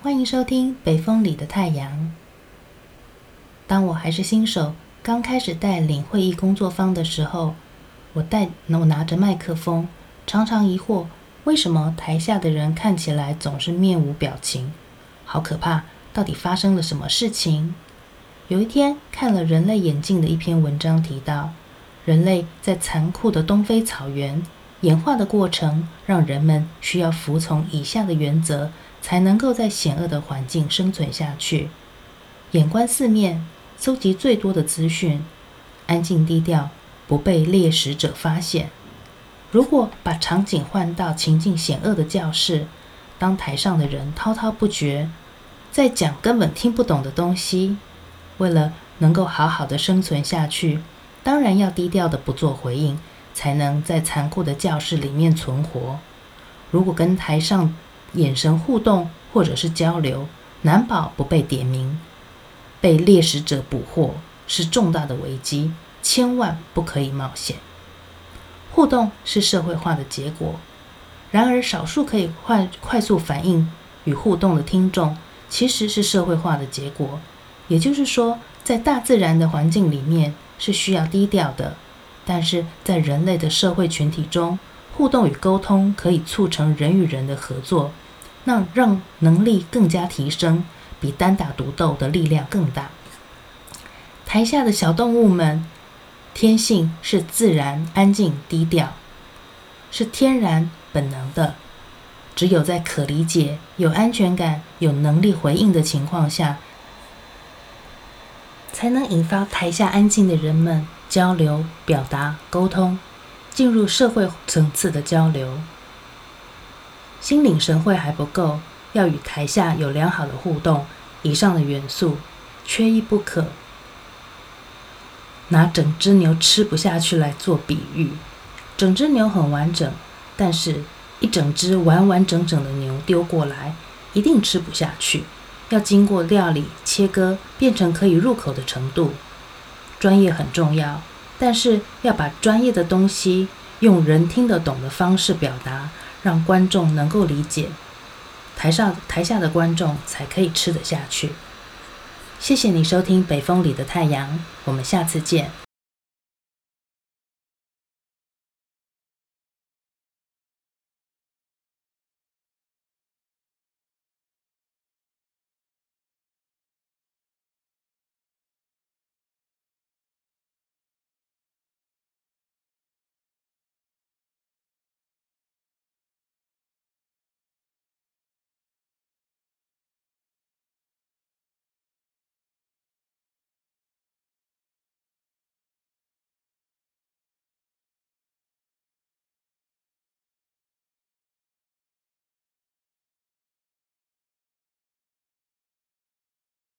歡迎收聽《北風裡的太陽》。當我還是新手，剛開始帶領會議工作坊的時候，我帶我拿着麥克風，常常疑惑，為什麼台下的人看起來總是面無表情，好可怕！到底發生了什麼事情？有一天看了《人類演進》的一篇文章，提到人類在殘酷的東非草原。演化的過程讓人們需要服從以下的原則，才能夠在險惡的環境生存下去：眼觀四面，搜集最多的資訊；安靜低調，不被獵食者發現。如果把場景換到情境險惡的教室，當台上的人滔滔不絕，在講根本聽不懂的東西，為了能夠好好的生存下去，當然要低調的不做回應。才能在殘酷的教室裡面存活。如果跟台上眼神互動或者是交流，難保不被點名，被獵食者捕獲是重大的危機，千萬不可以冒險。互動是社會化的結果。然而，少數可以快快速反應與互動的聽眾，其實是社會化的結果。也就是說，在大自然的環境裡面是需要低調的。但是在人類的社會群體中，互動與溝通可以促成人與人的合作，讓讓能力更加提升，比單打獨鬥的力量更大。台下的小動物們，天性是自然、安靜、低調，是天然本能的。只有在可理解、有安全感、有能力回應的情況下，才能引發台下安靜的人們，交流、表達、溝通，進入社會層次的交流。心領神會還不夠，要與台下有良好的互動。以上的元素缺一不可。拿整隻牛吃不下去來做比喻，整隻牛很完整，但是一整隻完完整整的牛丟過來，一定吃不下去。要經過料理、切割，變成可以入口的程度。專業很重要，但是要把專業的東西用人聽得懂的方式表達，讓觀眾能夠理解，台上台下的觀眾才可以吃得下去。謝謝你收聽《北風裡的太陽》，我們下次見。